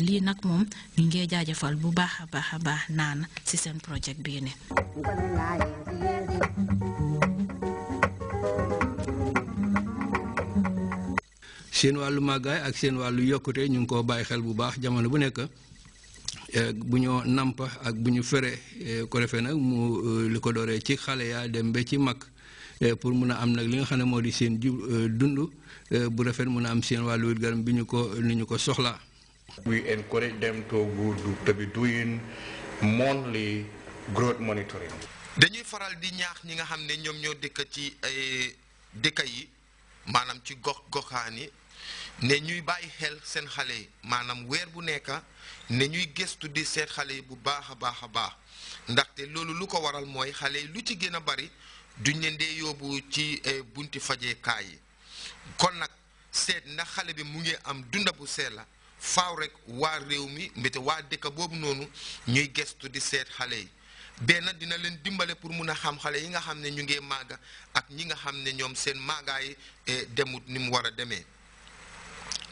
li nak mom ñu ngi jaajëfal bu baaxa baaxa baax naan ci seen project bi ne seen walu magay ak seen walu yokute ñu ko koo xel bu baax jamono bu nek eh, bu ñu nampa ak bu ñu eh, ko nak mu eh, liko doré ci xalé ya dem be ci mak pour mëna am nak li nga xamné modi seen dundu bu rafet mëna am seen walu wér ko ko soxla We encourage them to go to be doing dañuy faral di ñaax ñi nga xam ne ñoom ñoo dëkk ci ay dëkka yi maanaam ci gox goxaan yi ne ñuy bàyyi xel seen xale yi maanaam weer bu nekk ne ñuy gëstu di seet xale yi bu baax a baax a baax ndaxte loolu lu ko waral mooy xale yi lu ci gën a bari duñ leen dee yóbbu ci bunti fajeekaay yi kon nag seet ndax xale bi mu ngi am dunda bu seet la faaw rek waa réew mi mbete waa dëkk boobu noonu ñuy gestu di seet xale yi benn dina leen dimbale pour mun a xam xale yi nga xam ne ñu ngee màgga ak ñi nga xam ne ñoom seen màggaay eh, demut ni mu war a demee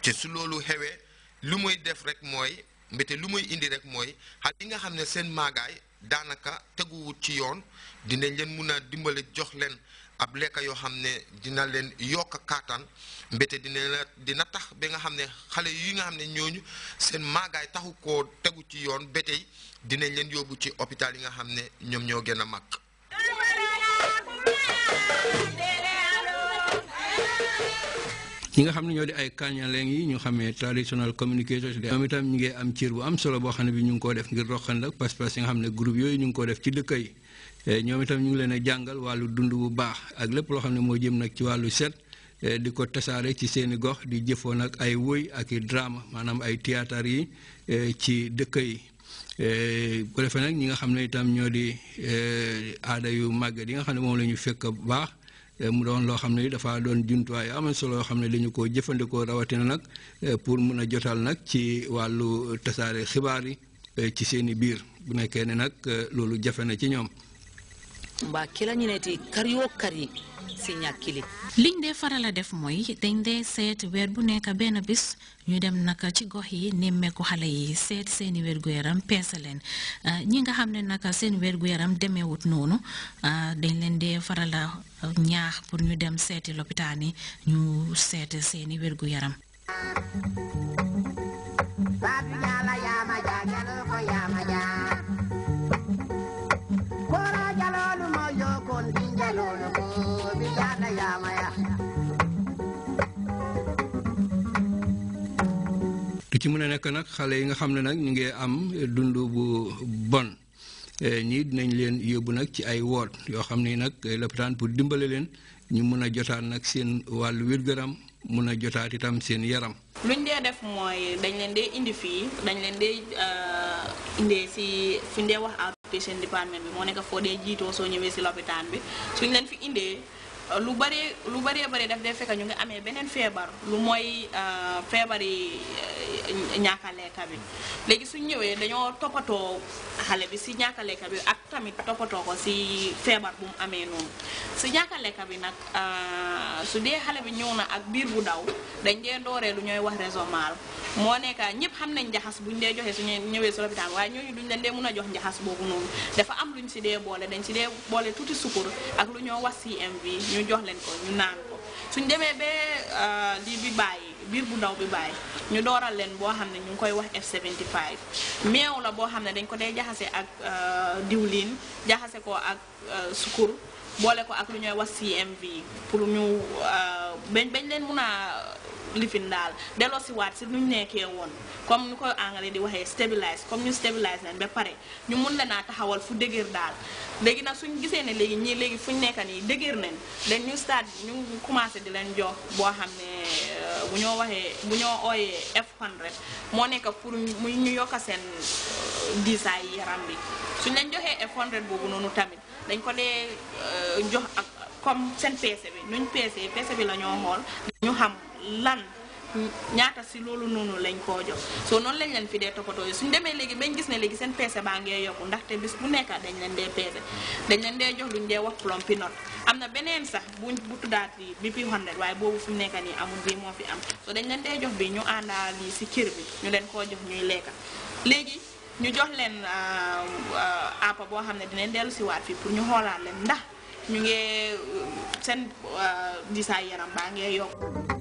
te su loolu xewee lu muy def rek mooy mbete lu muy indi rek mooy xale yi nga xam ne seen màggaay daanaka teguwut ci yoon dinañ leen mun a dimbale jox leen ab lekka yoo xam ne dina leen yokk kaataan mbéte dina la dina tax ba nga xam ne xale yi nga xam ne ñooñu seen maagaay taxu koo tegu ci yoon ba tey dinañ leen yóbbu ci hôpital yi nga xam ne ñoom ñoo gën a mag. ñi nga xam ñoo di ay kañaleen yi ñu xamee traditional communication de ñoom itam ñu ngi am ciir bu am solo boo xam ne bi ñu ngi koo def ngir roqan la pas-pas yi nga xam ne groupe yooyu ñu ngi koo def ci dëkk yi. Eh, ñoom itam ñu ngi leen a jàngal wàllu dund bu baax ak lépp loo xam ne moo jëm nag ci wàllu set eh, di ko tasaare ci seeni gox di jëfoo nag ay woy ak i drama maanaam ay théâtre yi eh, ci dëkk yi bu defee nag ñi nga xam ne itam ñoo di aada yu màgget yi nga xam ne moom la ñu fekk bu baax mu doon loo xam ne dafa doon jumtuwaay yu am solo yoo xam ne dañu koo jëfandikoo rawatina nag pour mun a jotal nag ci wàllu tasaare xibaar yi ci seeni biir bu nekkee ne nag loolu jafe na ci ñoom. mbaa kila ñu ne ti kari yoo kari si ñàkkili liñ dee faral a def mooy dañ dee seet weer bu nekk benn bis ñu dem naka ci gox yi nemmeeku xale yi seet seeni wérgu yaram peese leen ah, ñi nga xam ne naka seen wérgu yaram demeewut noonu ah, dañ leen dee faral ñaax pour ñu dem seeti lopitaan yi ñu seet seeni wérgu yaram loolu ci mun a nekk nag xale yi nga xam ne nag ñu ngi am dund bu bon eh, ñii dinañ leen yóbbu nag ci ay woot yoo xam ne nag lopitaan pour dimbale leen ñu mun a jotaat nag seen wàllu wér gu mun a jotaat itam seen yaram. luñ dee def mooy dañ leen dee indi fii dañ leen dee euh, indee si fuñ dee wax patient department bi moo nekk foo dee jiitoo soo ñëwee si lopitaan bi suñ leen fi indee lu bari lu bari bari daf dee fekk ñu ngi amee beneen feebar lu mooy euh, feebar yi euh, ñàkk bi léegi suñ ñëwee dañoo toppatoo xale bi si ñàkk a bi ak tamit toppatoo ko si feebar bu mu amee noonu si ñàkk bi nag euh, su dee xale bi ñëw na ak biir bu daw dañ dee dooree lu ñooy wax résomal moo nekk ñëpp xam nañ njaxas buñ dee joxee suñu ñëwee su lopitaan waaye ñooñu duñ leen dee mun a jox njaxas boobu noonu dafa am luñ si dee boole dañ si dee boole tuuti sukur ak lu ñoo wax CMV ñu jox leen ko ñu naan ko suñ demee ba euh, lii bi bàyyi biir bu ndaw bi bàyyi ñu dooral leen boo xam ne ñu ngi koy wax F75 meew la boo xam ne dañ ko dee jaxase ak euh, diwlin jaxase ko ak euh, sukur boole ko ak lu ñooy wax CMV pour ñu bañ bañ leen mun a living daal delloosiwaat si ñu nekkee woon comme ñu koy anglais di waxee stabilise comme ñu stabilise leen ba pare ñu mun la naa taxawal fu dëgër daal léegi nag suñ gisee ne léegi ñii léegi fuñ nekka nii dëgër nañ dañ ñu start ñu commencé di leen jox boo xam ne euh, bu ñoo waxee bu ñoo ooyee F100 moo nekk pour muy ñu yokk seen euh, diisaay yaram bi suñ leen joxee f boobu noonu tamit dañ ko dee euh, jox ak comme seen peese bi nuñ peese peese bi la ñoo xool ñu xam lan ñaata si loolu noonu lañ koo jox soo noonu lañ leen fi dee toppatoo yi suñ demee léegi bañ gis ne léegi seen peese baa ngee yokku ndaxte bis bu nekk dañ leen dee peese dañ leen dee jox luñ dee wax plompi not am na beneen sax buñ bu tuddaat yi bi pi 100 waaye boobu fu mu nekk nii amul bii moo fi am dañ leen dee jox bi ñu àndaal yi si cër bi ñu leen koo jox ñuy lekka léegi ñu jox leen uh, uh, appa boo xam ne dinañ dellu si waat fii pour ñu xoolaat leen ndax ñu ngee uh, seen disaay yaram baa ngee yokku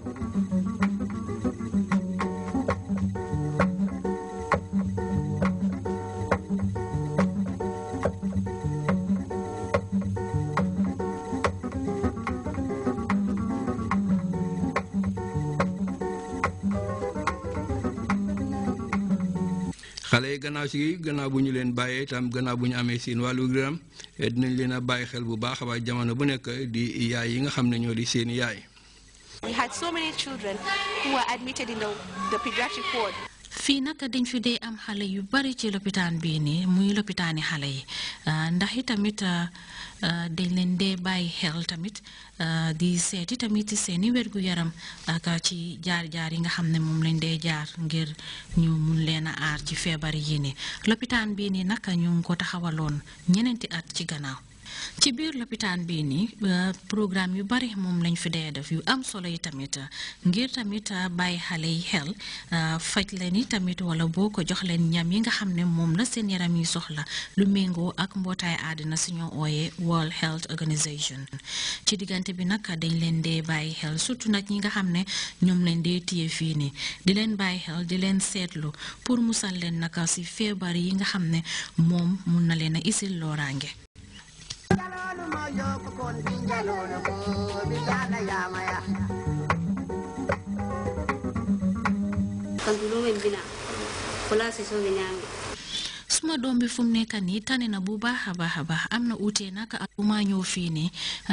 xale yi gannaaw si gannaaw bu ñu leen bàyyee itam gannaaw bu ñu amee seen wàllu gëram eh, dinañ leen a bàyyi xel bu baax waaye jamono bu nekk di yaay yi nga xam ne ñoo di seen yaay. We had so many children who were admitted in the, the pediatric fii nag dañ fi dee am xale yu bari ci loppitaan bii nii muy lopitaani xale yi ah, ndax i tamit ah, ah, dañ leen dee bàyyi xel tamit di seeti tamit seeni wérgu yaram ak ci jaar-jaar yi nga xam ne moom lañ dee jaar ngir ñu mun leen a aar ci feebar yi nii lopitaan bii nii nag ñu ngi ko taxawaloon ñeneenti at ci gannaaw. ci biir lopitaan bii nii programme yu bari moom lañ fi dee def yu am solo yi tamit ngir tamit ah, bàyyi xale yi xel ah, faj leen yi tamit wala boo ko jox leen ñam yi nga xam ne moom la seen yaram yi soxla lu méngoo ak mbootaay àddina suñoo ooyee World Health Organization ci diggante bi nag dañ leen dee bàyyi xel surtout nag ñi nga xam ne ñoom leen dee téye fii nii di leen bàyyi xel di leen seetlu pour musal leen naka si feebar yi nga xam ne moom mun na leen a isil looraange joko kondi jalono ko bigana yamaya kantuno men bina kola siso be nyami suma doom bi fu mu nekk nii tane na bu baax a baax a baax am na uute nag ak bu ma ñëw fii nii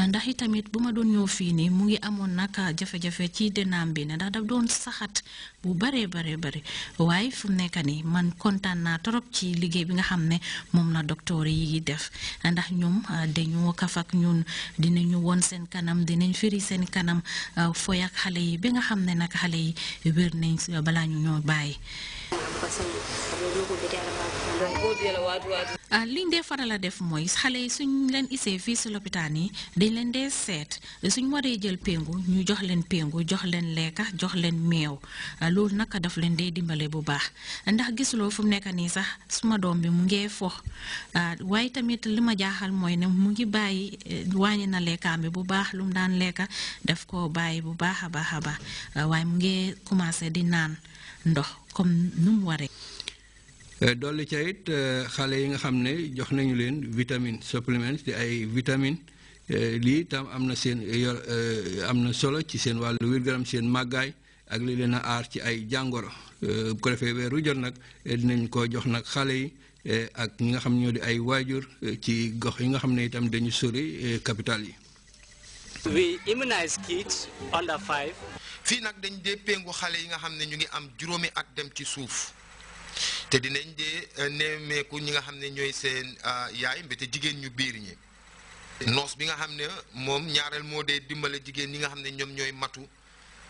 ndax tamit bu ma doon ñëw fii nii mu ngi amoon nag jafe-jafe ci dënnaam bi ne ndax daf doon saxat bu baree baree bare waaye fu mu nekk nii man kontaan naa trop ci liggéey bi nga xam ne moom la docteur yi def ndax ñoom ah, dañoo kaf ak dina dinañu won seen kanam dinañ firi seen kanam ah, foy xale yi bi nga xam ne nag xale yi wér nañ ñu ñoo bàyyi. façon ah, loolu liñ dee faral a def mooy xale yi suñ leen isee fii si loppitaan yi dañ leen dee seet suñ waree jël péngu ñu jox leen péngu jox leen lekka jox leen meew ah, loolu naka daf leen dee dimbale bu baax ndax gisuloo fum nekk nii sax suma doom bi mu ngee fox ah, waaye tamit li ma jaaxal mooy ne mu ngi bàyyi eh, wàññi na lekkaam bi bu baax lum daan lekka daf ko bàyyi bu baax a baax a baax waaye mu ngee commencé di naan ndox comme nu mu waree. Euh, dolli ca it euh, xale yi nga xam ne jox nañu leen vitamine supplément di ay vitamine euh, lii itam am na seen yor am na solo ci seen wàllu wér seen màggaay ak li leen a aar ci ay jàngoro bu ko defee weeru jot nag dinañ ko jox nag xale yi ak ñi nga xam ñoo di ay waajur ci gox yi nga xam ne itam dañu sori capital yi. we immunize kids under five. fii nag dañ dee péngu xale yi nga xam ne ñu ngi am juróomi ak dem ci suuf te dinañ dee euh, nemmeeku ñi nga xam ne ñooy seen euh, yaay mbete jigéen ñu biir ñi noos bi nga xam ne moom ñaareel moo dee dimbale jigéen ñi nga xam ne ñoom ñooy matu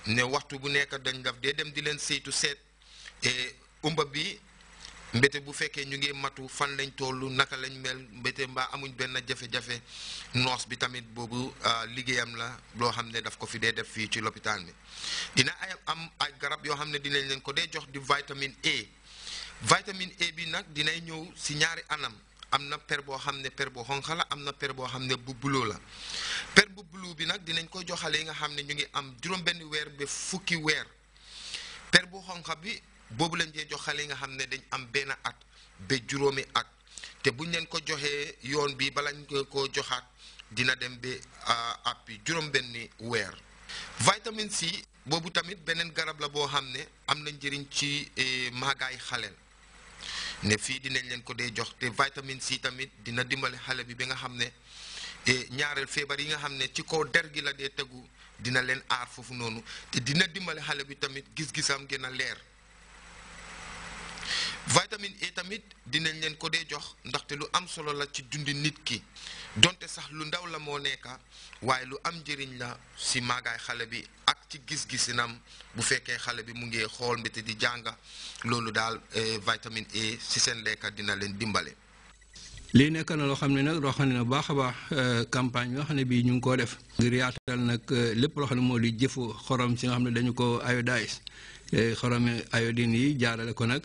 ne waxtu bu nekk dañ daf dee dem di leen saytu seet umba bi mbéte bu fekkee ñu ngi matu fan lañ toll naka lañ mel mbéte mbaa amuñ benn jafe-jafe noos bi tamit boobu euh, liggéeyam la loo xam ne daf ko fi dee def fii ci lopitaan bi dina ay am ay garab yoo xam ne dinañ leen ko dee jox di vitamine A vitamine A bi nag dinay ñëw si ñaari anam am na per boo xam ne per bu xonq la am na per boo xam ne bu buloo la per bu buloo bi nag dinañ ko joxale yi nga xam ne ñu ngi am juróom benn weer ba fukki weer per bu xonq bi boobu lañ dee jox xale yi nga xam ne dañ am benn at ba juróomi at te buñ leen ko joxee yoon bi balañ ko joxaat dina dem ba appi juróom-benni weer. vitamine C boobu tamit beneen garab la boo xam ne am na njëriñ ci e, maagaay xaleel ne fii dinañ leen ko dee jox te vitamine tamit dina dimbale xale bi bi nga xam ne e, ñaareel feebar yi nga xam ne ci kaw der gi la dee tegu dina leen aar foofu noonu te dina dimbale xale bi tamit gis-gisam gën a leer. vitamine E tamit dinañ leen ko dee jox ndaxte lu am solo la ci dundi nit ki donte sax lu ndaw la moo nekka waaye lu am njëriñ la si maagaay xale bi ak ci gis-gisinam bu fekkee xale bi mu ngi xool mbete di jànga loolu daal eh, vitamine E si seen lekka dina leen dimbale. lii nekk na loo xam ne nag loo xam ne na baax a baax eh, campagne bi xam ne bii ñu ngi ko def ngir yaatal nag eh, lépp loo xam ne moo di jëfu xorom si nga xam ne dañu ko iodise xorome iodine yi jaarale ko nag.